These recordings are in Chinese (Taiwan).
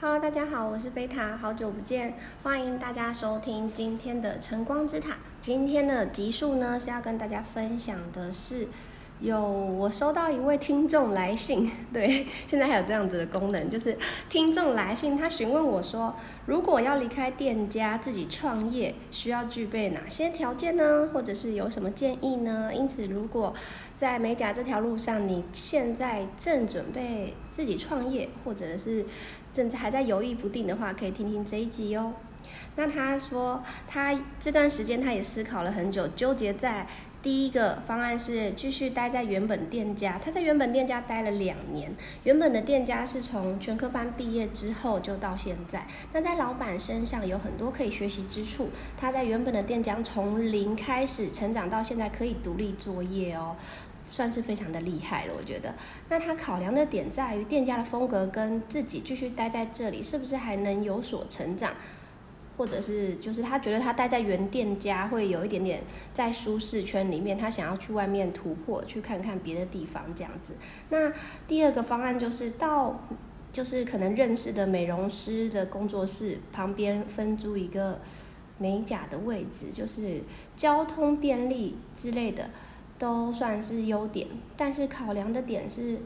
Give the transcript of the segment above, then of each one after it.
哈嘍，Hello，大家好，我是貝塔，好久不見，歡迎大家收聽今天的晨光之塔。今天的集數呢，是要跟大家分享的是。有，我收到一位聽眾來信，對，現在還有這樣子的功能，就是聽眾來信，他詢問我說，如果要離開店家自己創業，需要具備哪些條件呢？或者是有什麼建議呢？因此，如果在美甲這條路上，你現在正準備自己創業，或者是正在還在猶豫不定的話，可以聽聽這一集哦。那他說，他這段時間他也思考了很久，糾結在。第一個方案是繼續待在原本店家，他在原本店家待了兩年，原本的店家是從全科班畢業之後就到現在。那在老板身上有很多可以學習之處，他在原本的店家從零開始成長到現在可以獨立作業哦，算是非常的厲害了，我覺得。那他考量的點在於店家的風格跟自己繼續待在這裡是不是還能有所成長。或者是就是他覺得他待在原店家會有一點點在舒適圈裡面，他想要去外面突破，去看看別的地方這樣子。那第二個方案就是到就是可能認識的美容師的工作室旁邊分租一個美甲的位置，就是交通便利之類的都算是優點，但是考量的點是。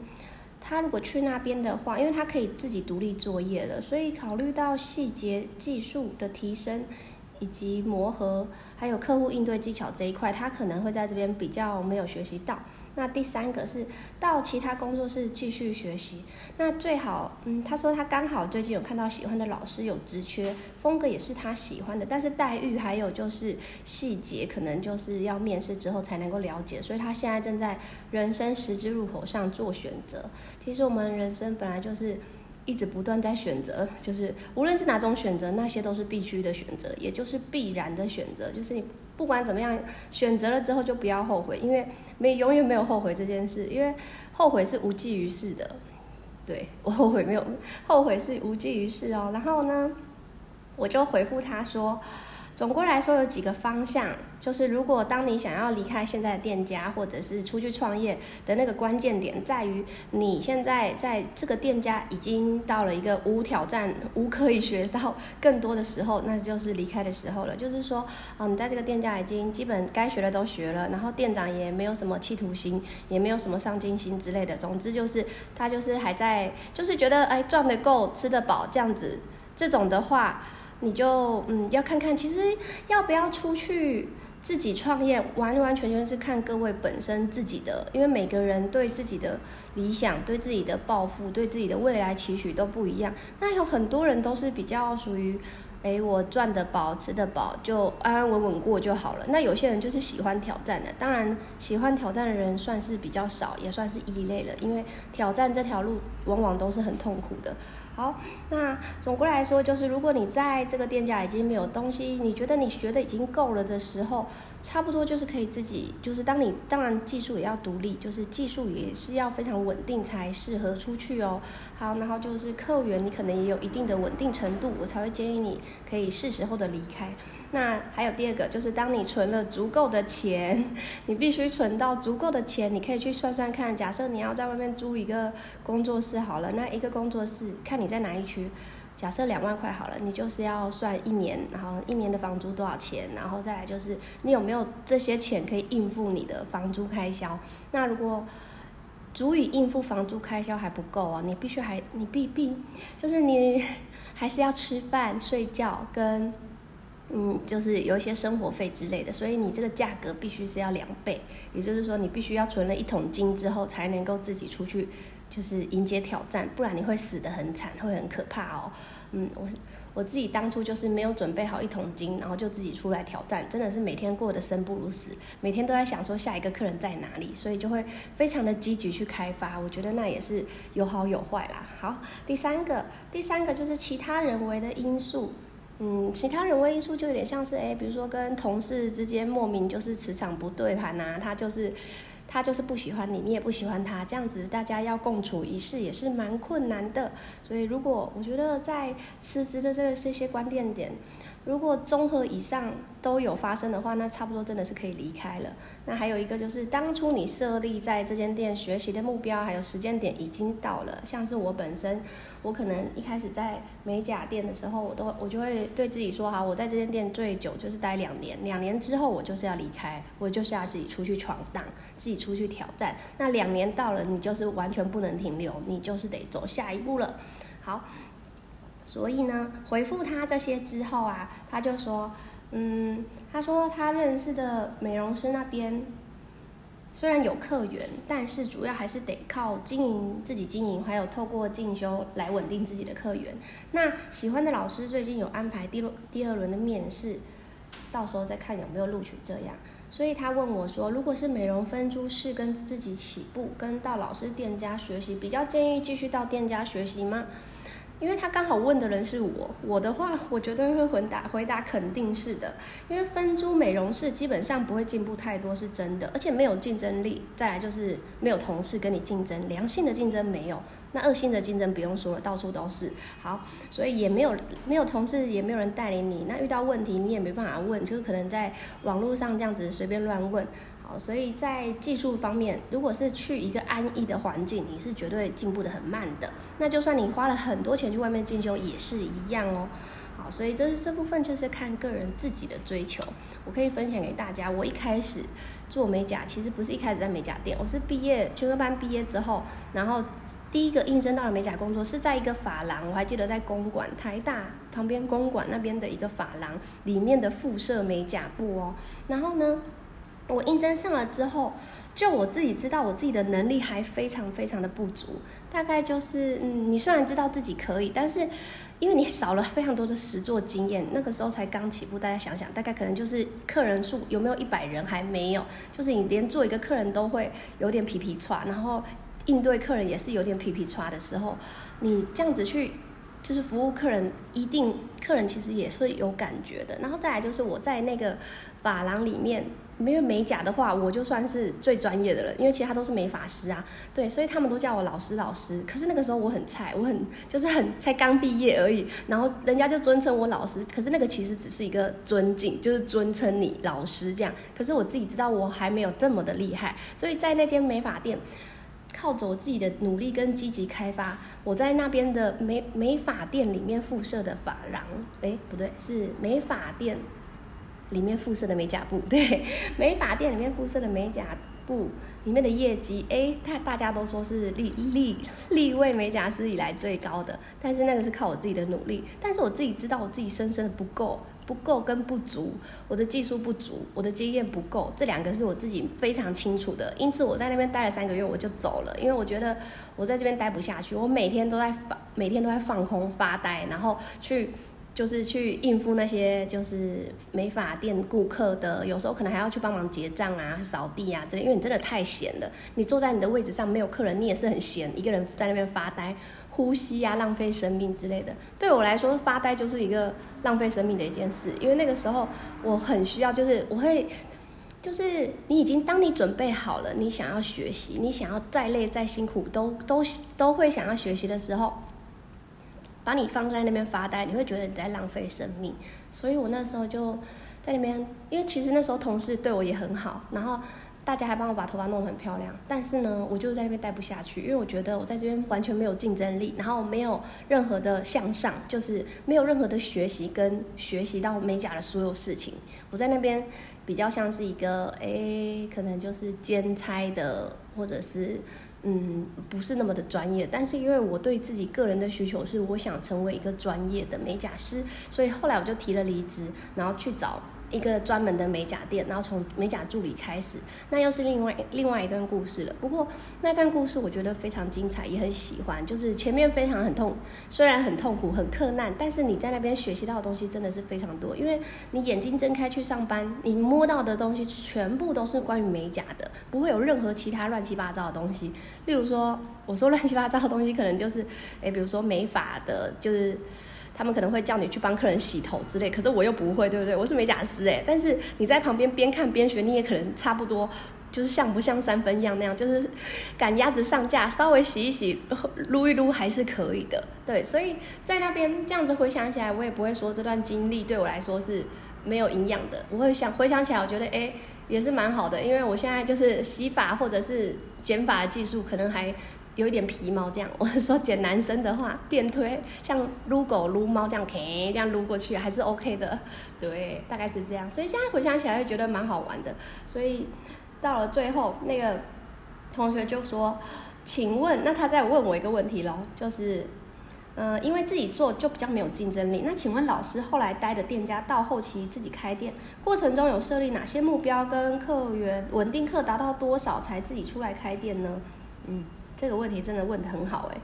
他如果去那邊的話，因為他可以自己獨立作業了，所以考慮到細節技術的提升以及磨合。還有客戶應對技巧這一塊，他可能會在這邊比較沒有學習到。那第三個是到其他工作室繼續學習。那最好，嗯，他說他剛好最近有看到喜歡的老師有職缺，風格也是他喜歡的，但是待遇還有就是細節，可能就是要面試之後才能夠了解。所以他現在正在人生十字路口上做選擇。其實我們人生本來就是。一直不斷在選擇，就是無論是哪種選擇，那些都是必須的選擇，也就是必然的選擇。就是你不管怎麼樣選擇了之後，就不要後悔，因為沒永遠沒有後悔這件事，因為後悔是無濟於事的。對，我後悔沒有，後悔是無濟於事哦。然後呢，我就回復他說。總的來說，有幾個方向，就是如果當你想要離開現在的店家，或者是出去創業的那個關鍵點，在於你現在在這個店家已經到了一個無挑戰、無可以學到更多的時候，那就是離開的時候了。就是說，啊，你在這個店家已經基本該學的都學了，然後店長也沒有什麼企圖心，也沒有什麼上進心之類的。總之就是他就是還在，就是覺得哎賺得夠、吃得飽這樣子，這種的話。你就嗯，要看看，其實要不要出去自己創業，完完全全是看各位本身自己的，因為每個人對自己的理想、對自己的抱負、對自己的未來期許都不一樣。那有很多人都是比較屬於，哎，我賺得飽，吃得飽，就安安穩穩過就好了。那有些人就是喜歡挑戰的，當然喜歡挑戰的人算是比較少，也算是異類了，因為挑戰這條路往往都是很痛苦的。好，那總歸來說就是，如果你在這個店家已經沒有東西，你覺得你學的已經夠了的時候，差不多就是可以自己，就是當你當然技術也要獨立，就是技術也是要非常穩定才適合出去哦。好，然後就是客源，你可能也有一定的穩定程度，我才會建議你可以是時候的離開。那還有第二個，就是當你存了足夠的錢，你必須存到足夠的錢。你可以去算算看，假設你要在外面租一個工作室好了，那一個工作室看你在哪一區，假設兩萬塊好了，你就是要算一年，然後一年的房租多少錢，然後再來就是你有沒有這些錢可以應付你的房租開銷。那如果足以應付房租開銷還不夠啊，你必須還你必必就是你還是要吃飯、睡覺跟。嗯，就是有一些生活費之類的，所以你這個價格必須是要兩倍，也就是說你必須要存了一桶金之後才能夠自己出去，就是迎接挑戰，不然你會死得很慘，會很可怕哦。嗯，我我自己當初就是沒有準備好一桶金，然後就自己出來挑戰，真的是每天過得生不如死，每天都在想說下一個客人在哪裡，所以就會非常的積極去開發，我覺得那也是有好有壞啦。好，第三個，第三個就是其他人為的因素。嗯，其他人為因素就有點像是哎，比如說跟同事之間莫名就是磁場不對盤吶，他就是他就是不喜歡你，你也不喜歡他，這樣子大家要共處一室也是蠻困難的。所以如果我覺得在辭職的這個這些關鍵點。如果綜合以上都有發生的話，那差不多真的是可以離開了。那還有一個就是，當初你設立在這間店學習的目標，還有時間點已經到了。像是我本身，我可能一開始在美甲店的時候，我都我就會對自己說，好，我在這間店最久就是待兩年，兩年之後我就是要離開，我就是要自己出去闖蕩，自己出去挑戰。那兩年到了，你就是完全不能停留，你就是得走下一步了。好。所以呢，回復他這些之後啊，他就說，嗯，他說他認識的美容師那邊雖然有客源，但是主要還是得靠經營自己經營，還有透過進修來穩定自己的客源。那喜歡的老師最近有安排第第二輪的面試，到時候再看有沒有錄取這樣。所以他問我說，如果是美容分租，是跟自己起步，跟到老師店家學習，比較建議繼續到店家學習嗎？因為他剛好問的人是我，我的話，我絕對會回答回答肯定是的。因為分租美容室基本上不會進步太多，是真的，而且沒有競爭力。再來就是沒有同事跟你競爭，良性的競爭沒有，那惡性的競爭不用說了，到處都是。好，所以也沒有沒有同事，也沒有人帶領你。那遇到問題你也沒辦法問，就是可能在網絡上這樣子隨便亂問。好，所以在技術方面，如果是去一個安逸的環境，你是絕對進步得很慢的。那就算你花了很多錢去外面進修也是一樣哦。好，所以這這部分就是看個人自己的追求。我可以分享給大家，我一開始做美甲其實不是一開始在美甲店，我是畢業全科班畢業之後，然後第一個應徵到了美甲工作是在一個髮廊，我還記得在公館台大旁邊公館那邊的一個髮廊裡面的附設美甲部哦。然後呢？我應徵上了之後，就我自己知道我自己的能力還非常非常的不足。大概就是，嗯，你雖然知道自己可以，但是因為你少了非常多的實作經驗，那個時候才剛起步。大家想想，大概可能就是客人數有沒有一百人還沒有，就是你連做一個客人都會有點皮皮挫，然後應對客人也是有點皮皮挫的時候，你這樣子去就是服務客人，一定客人其實也是有感覺的。然後再來就是我在那個髮廊裡面。因為美甲的話，我就算是最專業的了，因為其他都是美髮師啊，對，所以他們都叫我老師老師。可是那個時候我很菜，我很就是很才剛畢業而已，然後人家就尊稱我老師。可是那個其實只是一個尊敬，就是尊稱你老師這樣。可是我自己知道我還沒有這麼的厲害，所以在那間美髮店，靠着我自己的努力跟積極開發，我在那邊的美美髮店裡面附設的髮廊，哎，不對，是美髮店。裡面附設的美甲部，對，美髮店裡面附設的美甲部裡面的業績，誒、欸，大大家都說是歷歷歷位美甲師以來最高的，但是那個是靠我自己的努力，但是我自己知道我自己深深的不夠，不夠跟不足，我的技術不足，我的經驗不夠，這兩個是我自己非常清楚的，因此我在那邊待了三個月，我就走了，因為我覺得我在這邊待不下去，我每天都在發，每天都在放空發呆，然後去。就是去應付那些就是美髮店顧客的，有時候可能還要去幫忙結賬啊、掃地啊這，因為你真的太閒了。你坐在你的位置上沒有客人，你也是很閒，一個人在那邊發呆、呼吸啊，浪費生命之類的。對我來說，發呆就是一個浪費生命的一件事，因為那個時候我很需要，就是我會，就是你已經當你準備好了，你想要學習，你想要再累再辛苦都都都會想要學習的時候。把你放在那邊發呆，你會覺得你在浪費生命。所以我那時候就在那邊，因為其實那時候同事對我也很好，然後大家還幫我把頭髮弄得很漂亮。但是呢，我就在那邊待不下去，因為我覺得我在這邊完全沒有競爭力，然後沒有任何的向上，就是沒有任何的學習跟學習到美甲的所有事情。我在那邊比較像是一個，哎，可能就是兼差的，或者是。嗯，不是那麼的專業，但是因為我對自己個人的需求是，我想成為一個專業的美甲師，所以後來我就提了離職，然後去找。一個專門的美甲店，然後從美甲助理開始，那又是另外另外一段故事了。不過那段故事我覺得非常精彩，也很喜歡。就是前面非常很痛，雖然很痛苦很困難，但是你在那邊學習到的東西真的是非常多。因為你眼睛睜開去上班，你摸到的東西全部都是關於美甲的，不會有任何其他亂七八糟的東西。例如說，我說亂七八糟的東西，可能就是，誒，比如說美髮的，就是。他們可能會叫你去幫客人洗頭之類，可是我又不會，對不對？我是美甲師哎、欸，但是你在旁邊邊看邊學，你也可能差不多，就是像不像三分一樣那樣，就是趕鴨子上架，稍微洗一洗，擼一擼還是可以的，對。所以在那邊這樣子回想起來，我也不會說這段經歷對我來說是沒有營養的，我會想回想起來，我覺得哎也是蠻好的，因為我現在就是洗髮或者是剪髮的技術可能還。有一點皮毛這樣，我是說，剪男生的話，電推像擼狗擼貓這樣，K 這樣擼過去還是 OK 的。對，大概是這樣。所以現在回想起來會覺得蠻好玩的。所以到了最後，那個同學就說：“請問，那他再問我一個問題嘍，就是，嗯、呃，因為自己做就比較沒有競爭力。那請問老師，後來待的店家到後期自己開店過程中，有設立哪些目標跟客源穩定客達到多少才自己出來開店呢？”嗯。這個問題真的問得很好誒、欸，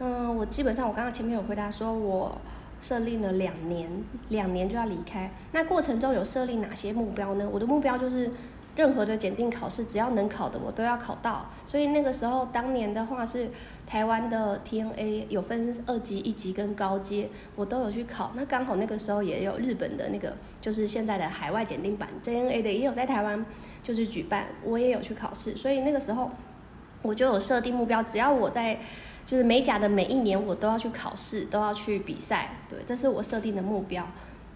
嗯，我基本上我剛剛前面有回答說，我設立了兩年，兩年就要離開。那過程中有設立哪些目標呢？我的目標就是，任何的檢定考試只要能考的我都要考到。所以那個時候當年的話是台灣的 TNA 有分二級、一級跟高階，我都有去考。那剛好那個時候也有日本的那個，就是現在的海外檢定版 JNA 的也有在台灣就是舉辦，我也有去考試。所以那個時候。我就有設定目標，只要我在，就是美甲的每一年，我都要去考試，都要去比賽，對，這是我設定的目標。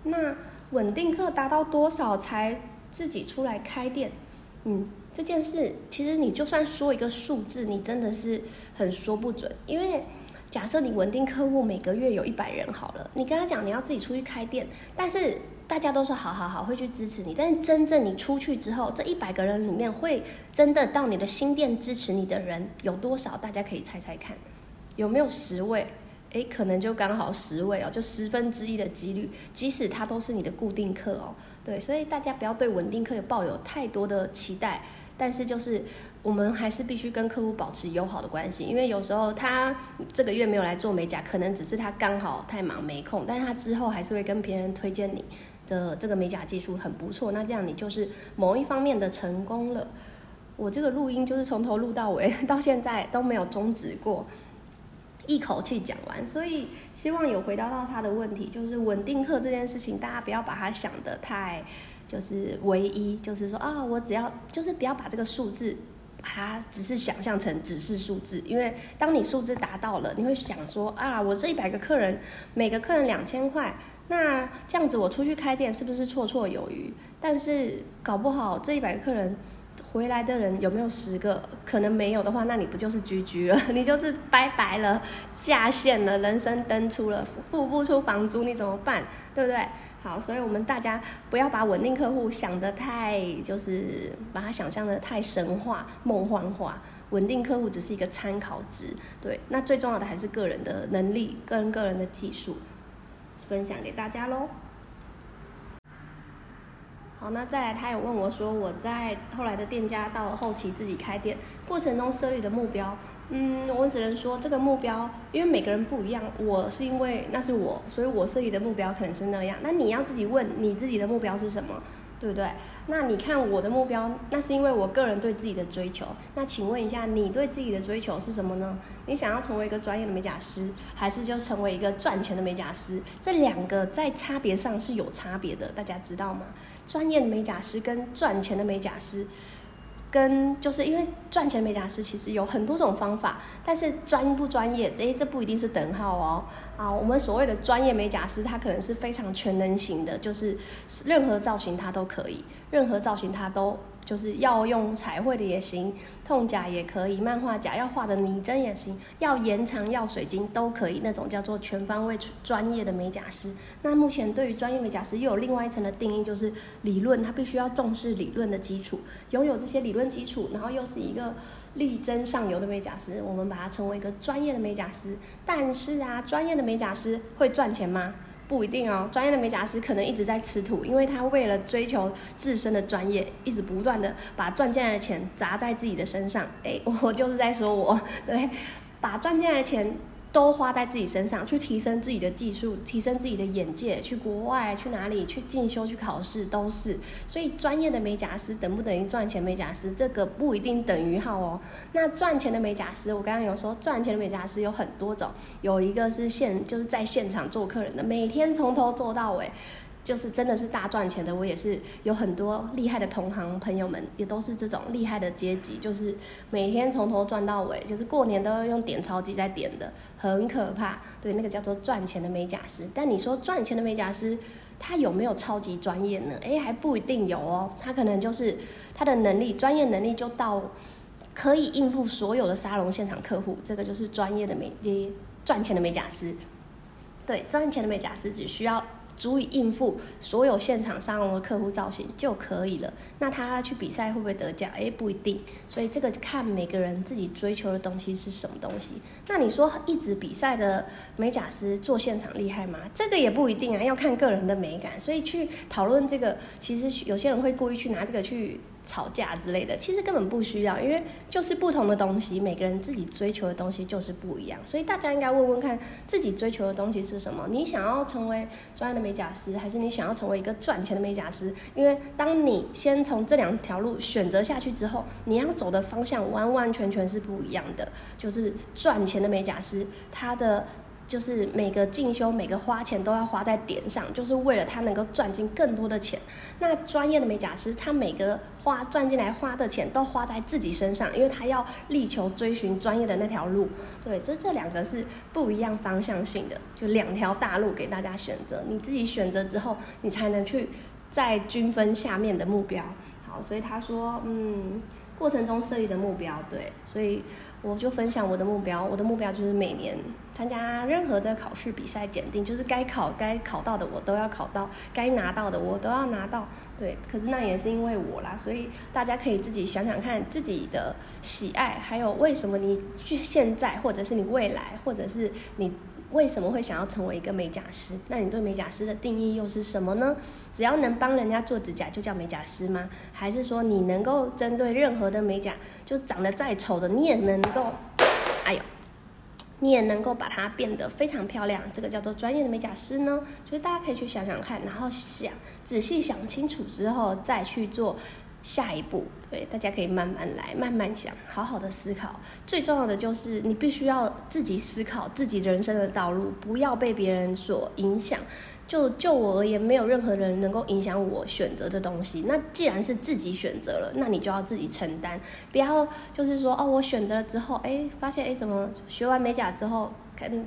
那穩定客達到多少才自己出來開店？嗯，這件事其實你就算說一個數字，你真的是很說不準，因為假設你穩定客戶每個月有一百人好了，你跟他講你要自己出去開店，但是。大家都說好好好，會去支持你，但是真正你出去之後，這一百個人裡面會真的到你的新店支持你的人有多少？大家可以猜猜看，有沒有十位？誒、欸，可能就剛好十位哦、喔，就十分之一的幾率。即使他都是你的固定客哦、喔，對，所以大家不要對穩定客有抱有太多的期待。但是就是我們還是必須跟客戶保持友好的關係，因為有時候他這個月沒有來做美甲，可能只是他剛好太忙沒空，但是他之後還是會跟別人推薦你的這個美甲技術很不錯，那這樣你就是某一方面的成功了。我這個錄音就是從頭錄到尾，到現在都沒有終止過，一口氣講完。所以希望有回答到他的問題，就是穩定客這件事情，大家不要把它想得太就是唯一，就是說啊、哦，我只要就是不要把這個數字它只是想象成只是數字，因為當你數字達到了，你會想說啊，我這一百個客人，每個客人兩千塊。那這樣子，我出去開店是不是綽綽有餘？但是搞不好這一百個客人回來的人有沒有十個？可能沒有的話，那你不就是 GG 了？你就是拜拜了，下線了，人生登出了，付不出房租，你怎麼辦？對不對？好，所以我們大家不要把穩定客戶想得太，就是把它想象得太神話、夢幻化。穩定客戶只是一個參考值，對。那最重要的還是個人的能力，個人個人的技術。分享給大家嘍。好，那再來，他也問我，說我在後來的店家到後期自己開店過程中設立的目標，嗯，我只能說這個目標，因為每個人不一樣，我是因為那是我，所以我設立的目標可能是那樣。那你要自己問你自己的目標是什麼？對不對？那你看我的目標，那是因為我個人對自己的追求。那請問一下，你對自己的追求是什麼呢？你想要成為一個專業的美甲師，還是就成為一個賺錢的美甲師？這兩個在差別上是有差別的，大家知道嗎？專業的美甲師跟賺錢的美甲師，跟就是因為賺錢的美甲師其實有很多種方法，但是專不專業，哎，這不一定是等號哦。啊，我們所謂的專業美甲師，他可能是非常全能型的，就是任何造型他都可以，任何造型他都就是要用彩繪的也行，痛甲也可以，漫畫甲要畫的擬真也行，要延長要水晶都可以，那種叫做全方位專業的美甲師。那目前對於專業美甲師又有另外一層的定義，就是理論，他必須要重視理論的基礎，擁有這些理論基礎，然後又是一個。力爭上游的美甲師，我們把它稱為一個專業的美甲師。但是啊，專業的美甲師會賺錢嗎？不一定哦。專業的美甲師可能一直在吃土，因為他為了追求自身的專業，一直不斷的把賺進來的錢砸在自己的身上。哎、欸，我就是在說我對，把賺進來的錢。都花在自己身上，去提升自己的技術，提升自己的眼界，去國外去哪裡去進修去考試都是。所以專業的美甲師等不等於賺錢美甲師？這個不一定等於好哦。那賺錢的美甲師，我剛剛有說賺錢的美甲師有很多種，有一個是現就是在現場做客人的，每天從頭做到尾。就是真的是大賺錢的，我也是有很多厲害的同行朋友們，也都是這種厲害的階級，就是每天從頭賺到尾，就是過年都要用點鈔機在點的，很可怕。對，那個叫做賺錢的美甲師。但你說賺錢的美甲師，他有沒有超級專業呢？哎、欸，還不一定有哦，他可能就是他的能力、專業能力就到可以應付所有的沙龍現場客戶，這個就是專業的美、賺錢的美甲師。對，賺錢的美甲師只需要。足以應付所有現場沙龍的客戶造型就可以了。那他去比賽會不會得獎？欸，不一定。所以這個看每個人自己追求的東西是什麼東西。那你說一直比賽的美甲師做現場厲害嗎？這個也不一定啊，要看個人的美感。所以去討論這個，其實有些人會故意去拿這個去。吵架之類的，其實根本不需要，因為就是不同的東西，每個人自己追求的東西就是不一樣，所以大家應該問問看自己追求的東西是什麼。你想要成為專業的美甲師，還是你想要成為一個賺錢的美甲師？因為當你先從這兩條路選擇下去之後，你要走的方向完完全全是不一樣的。就是賺錢的美甲師，他的。就是每個進修，每個花錢都要花在點上，就是為了他能夠賺進更多的錢。那專業的美甲師，他每個花賺進來花的錢都花在自己身上，因為他要力求追尋專業的那條路。對，所以這兩個是不一樣方向性的，就兩條大路給大家選擇。你自己選擇之後，你才能去再均分下面的目標。好，所以他說，嗯。過程中設立的目標，對，所以我就分享我的目標。我的目標就是每年參加任何的考試、比賽、檢定，就是該考、該考到的我都要考到，該拿到的我都要拿到。對，可是那也是因為我啦，所以大家可以自己想想看，自己的喜愛，還有為什麼你去現在，或者是你未來，或者是你。為什麼會想要成為一個美甲師？那你對美甲師的定義又是什麼呢？只要能幫人家做指甲就叫美甲師嗎？還是說你能夠針對任何的美甲，就長得再醜的你也能夠，哎呦，你也能夠把它變得非常漂亮，這個叫做專業的美甲師呢？所以大家可以去想想看，然後想仔細想清楚之後再去做，下一步，對，大家可以慢慢來，慢慢想，好好的思考。最重要的就是你必須要自己思考自己人生的道路，不要被別人所影響。就就我而言，沒有任何人能夠影響我選擇的東西。那既然是自己選擇了，那你就要自己承擔，不要就是說哦，我選擇了之後，哎，發現哎，怎麼學完美甲之後。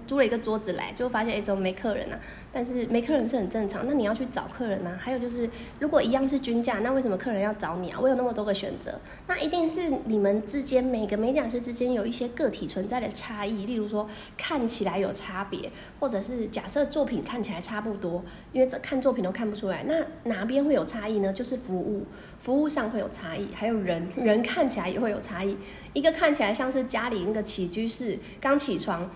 租了一個桌子來，就發現，欸，怎麼沒客人吶？啊。但是沒客人是很正常，那你要去找客人吶？啊。還有就是，如果一樣是均價，那為什麼客人要找你啊？我有那麼多個選擇，那一定是你們之間每個美甲師之間有一些個體存在的差異。例如說，看起來有差別，或者是假設作品看起來差不多，因為這看作品都看不出來，那哪邊會有差異呢？就是服務，服務上會有差異，還有人，人看起來也會有差異。一個看起來像是家裡那個起居室，剛起床。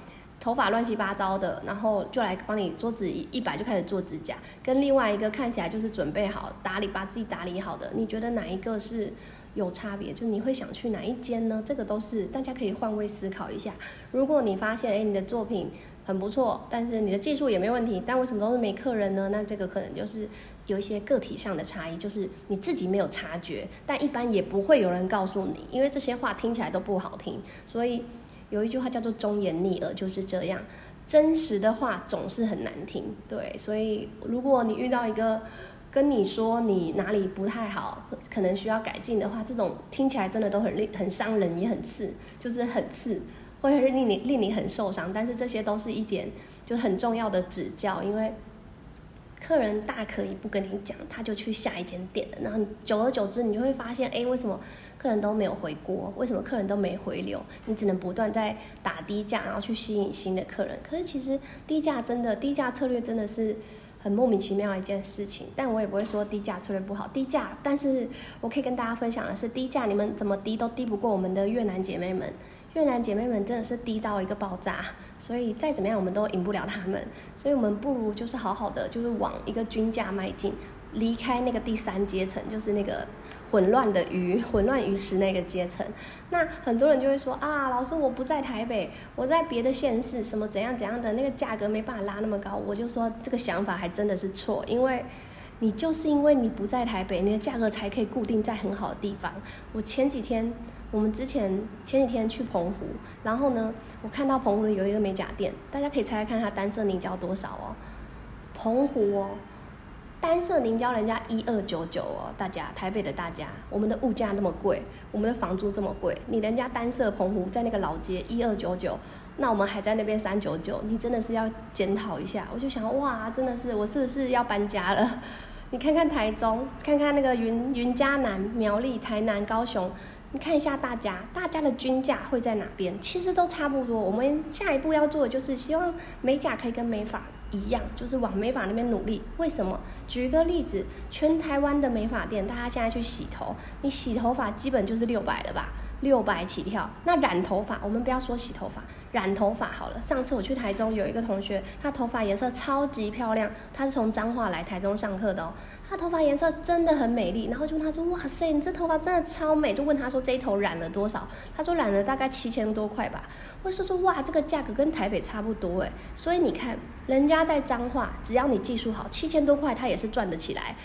頭髮亂七八糟的，然後就來幫你桌子一擺就開始做指甲，跟另外一個看起來就是準備好打理，把自己打理好的，你覺得哪一個是有差別？就你會想去哪一間呢？這個都是大家可以換位思考一下。如果你發現哎，你的作品很不錯，但是你的技術也沒問題，但為什麼都是沒客人呢？那這個可能就是有一些個體上的差異，就是你自己沒有察覺，但一般也不會有人告訴你，因為這些話聽起來都不好聽，所以。有一句話叫做“忠言逆耳”，就是這樣，真實的話總是很難聽。對，所以如果你遇到一個跟你說你哪裡不太好，可能需要改進的話，這種聽起來真的都很令，很傷人，也很刺，就是很刺，會令你令你很受傷。但是這些都是一點就很重要的指教，因為。客人大可以不跟你講，他就去下一間店了。然後久而久之，你就會發現，哎，為什麼客人都沒有回鍋？為什麼客人都沒回流？你只能不斷在打低價，然後去吸引新的客人。可是其實低價真的，低價策略真的是很莫名其妙的一件事情。但我也不會說低價策略不好，低價。但是我可以跟大家分享的是，低價你們怎麼低都低不過我們的越南姐妹們。越南姐妹們真的是低到一個爆炸，所以再怎麼樣我們都贏不了他們，所以我們不如就是好好的，就是往一個均價邁進，離開那個第三階層，就是那個混亂的魚、混亂魚池那個階層。那很多人就會說啊，老師我不在台北，我在別的縣市，什麼怎樣怎樣的那個價格沒辦法拉那麼高，我就說這個想法還真的是錯，因為。你就是因為你不在台北，你的價格才可以固定在很好的地方。我前幾天，我們之前前幾天去澎湖，然後呢，我看到澎湖的有一個美甲店，大家可以猜猜看它單色凝膠多少哦？澎湖哦，單色凝膠人家一二九九哦，大家台北的大家，我們的物價那麼貴，我們的房租這麼貴，你人家單色澎湖在那個老街一二九九，那我們還在那邊三九九，你真的是要檢討一下。我就想，哇，真的是我是不是要搬家了？你看看台中，看看那個雲雲嘉南、苗栗、台南、高雄，你看一下大家，大家的均價會在哪邊？其實都差不多。我們下一步要做的就是，希望美甲可以跟美髮一樣，就是往美髮那邊努力。為什麼？舉一個例子，全台灣的美髮店，大家現在去洗頭，你洗頭髮基本就是六百了吧？六百起跳。那染頭髮，我們不要說洗頭髮，染頭髮好了。上次我去台中，有一個同學，他頭髮顏色超級漂亮，他是從彰化來台中上課的哦。他頭髮顏色真的很美麗，然後就問他說：“哇塞，你這頭髮真的超美。”就問他說：“這一頭染了多少？”他說：“染了大概七千多塊吧。”我就說說：“哇，這個價格跟台北差不多誒。”所以你看，人家在彰化，只要你技術好，七千多塊他也是賺得起來。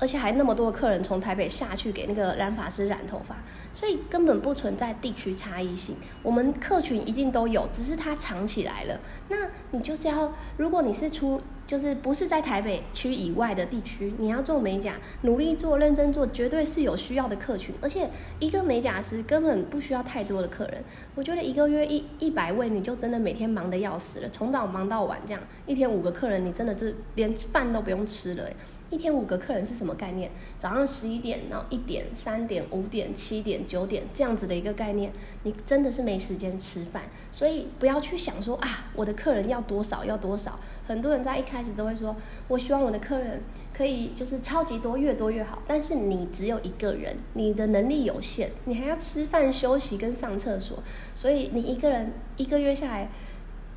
而且還那麼多的客人從台北下去給那個染髮師染頭髮，所以根本不存在地區差異性。我們客群一定都有，只是它藏起來了。那你就是要，如果你是出，就是不是在台北區以外的地區，你要做美甲，努力做、認真做，絕對是有需要的客群。而且一個美甲師根本不需要太多的客人，我覺得一個月一一百位你就真的每天忙得要死了，從早忙到晚這樣，一天五個客人你真的是連飯都不用吃了、欸。一天五個客人是什麼概念？早上十一點，然後一點、三點、五點、七點、九點這樣子的一個概念，你真的是沒時間吃飯。所以不要去想說啊，我的客人要多少要多少。很多人在一開始都會說，我希望我的客人可以就是超級多，越多越好。但是你只有一個人，你的能力有限，你還要吃飯、休息跟上廁所，所以你一個人一個月下來。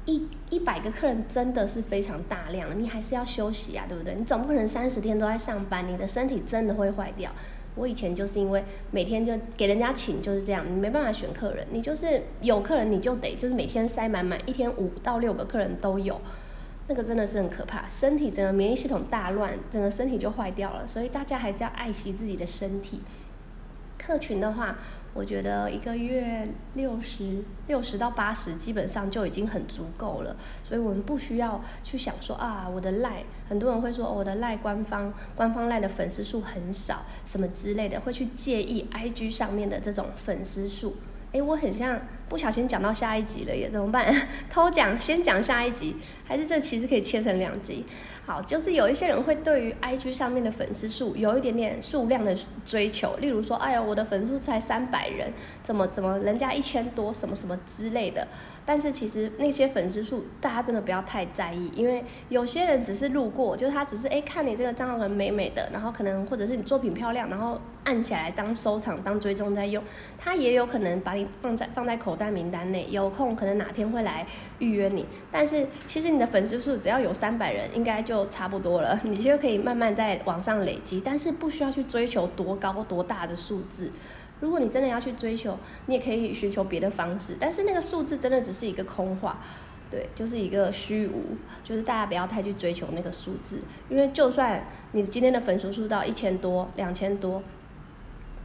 一一百個客人真的是非常大量了，你還是要休息啊，對不對？你總不可能三十天都在上班，你的身體真的會壞掉。我以前就是因為每天就給人家請，就是這樣，你沒辦法選客人，你就是有客人你就得就是每天塞滿滿，一天五到六個客人都有，那個真的是很可怕，身體整個免疫系統大亂，整個身體就壞掉了。所以大家還是要愛惜自己的身體。客群的話，我覺得一個月六十六十到八十，基本上就已經很足夠了。所以我們不需要去想說啊，我的賴，很多人會說、哦、我的賴官方官方賴的粉絲數很少，什麼之類的，會去介意 IG 上面的這種粉絲數。哎，我很像不小心講到下一集了耶，也怎麼辦？偷講，先講下一集，還是這其實可以切成兩集？好，就是有一些人會對於 IG 上面的粉絲數有一點點數量的追求，例如說，哎呀，我的粉絲數才三百人，怎麼怎麼人家一千多，什麼什麼之類的。但是其實那些粉絲數，大家真的不要太在意，因為有些人只是路過，就是他只是誒、欸，看你這個賬號很美美的，然後可能或者是你作品漂亮，然後按起來當收藏、當追蹤在用，他也有可能把你放在放在口袋名單內，有空可能哪天會來預約你。但是其實你的粉絲數只要有三百人，應該就差不多了，你就可以慢慢在網上累積，但是不需要去追求多高多大的數字。如果你真的要去追求，你也可以尋求別的方式。但是那個數字真的只是一個空話，對，就是一個虛無，就是大家不要太去追求那個數字，因為就算你今天的粉絲數到一千多、兩千多。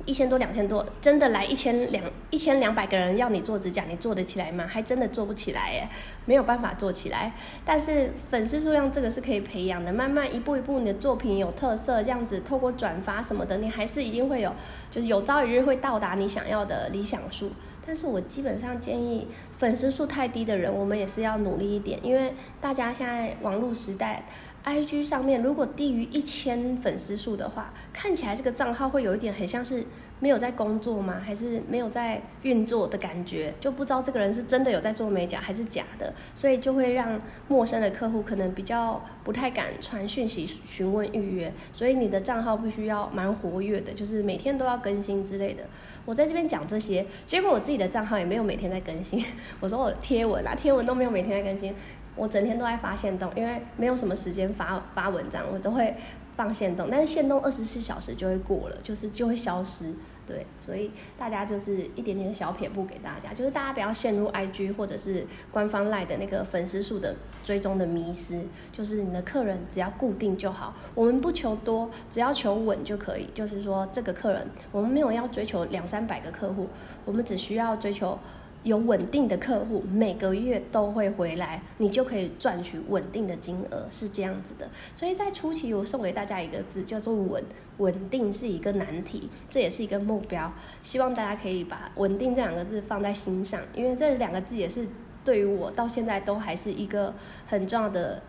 一千多、兩千多，真的來一千兩、一千兩百個人要你做指甲，你做得起來嗎？還真的做不起來耶，沒有辦法做起來。但是粉絲數量這個是可以培養的，慢慢一步一步，你的作品有特色，這樣子透過轉發什麼的，你還是一定會有，就是有朝一日會到達你想要的理想數。但是我基本上建議，粉絲數太低的人，我們也是要努力一點，因為大家現在網絡時代。IG 上面如果低於一千粉絲數的話，看起來這個賬號會有一點很像是沒有在工作嗎？還是沒有在運作的感覺？就不知道這個人是真的有在做美甲還是假的，所以就會讓陌生的客戶可能比較不太敢傳訊息詢問預約。所以你的賬號必須要蠻活躍的，就是每天都要更新之類的。我在這邊講這些，結果我自己的賬號也沒有每天在更新。我說我貼文啊，貼文都沒有每天在更新。我整天都在发限動，因為沒有什麼時間发发文章，我都會放限動。但是限動二十四小時就會過了，就是就會消失。對，所以大家就是一點點小撇步給大家，就是大家不要陷入 IG 或者是官方 Line 的那個粉絲數的追蹤的迷思。就是你的客人只要固定就好，我們不求多，只要求穩就可以。就是說這個客人，我們沒有要追求兩三百個客戶，我們只需要追求。有穩定的客戶，每個月都會回來，你就可以賺取穩定的金額，是這樣子的。所以在初期，我送給大家一個字，叫做“穩”。穩定是一個難題，這也是一個目標。希望大家可以把“穩定”這兩個字放在心上，因為這兩個字也是對於我到現在都還是一個很重要的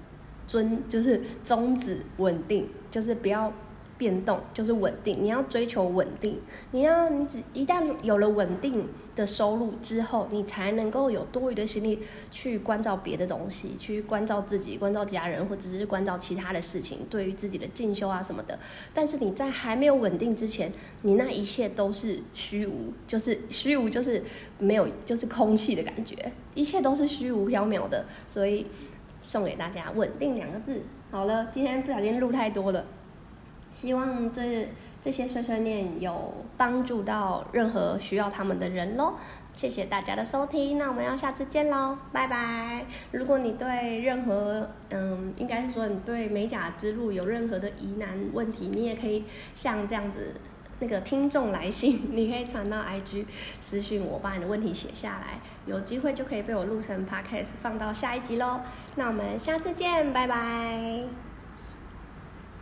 尊，就是宗旨。穩定就是不要。變動就是穩定，你要追求穩定，你要你只一旦有了穩定的收入之後，你才能夠有多餘的心力去關照別的東西，去關照自己，關照家人，或者是關照其他的事情，對於自己的進修啊什麼的。但是你在還沒有穩定之前，你那一切都是虛無，就是虛無，就是沒有，就是空氣的感覺，一切都是虛無縹緲的。所以送給大家“穩定”兩個字。好了，今天不小心錄太多了。希望這這些碎碎念有幫助到任何需要他們的人嘍，謝謝大家的收聽，那我們要下次見嘍，拜拜。如果你對任何，嗯，應該是說你對美甲之路有任何的疑難問題，你也可以像這樣子那個聽眾來信，你可以傳到 IG 私訊我，我把你的問題寫下來，有機會就可以被我錄成 podcast 放到下一集嘍。那我們下次見，拜拜。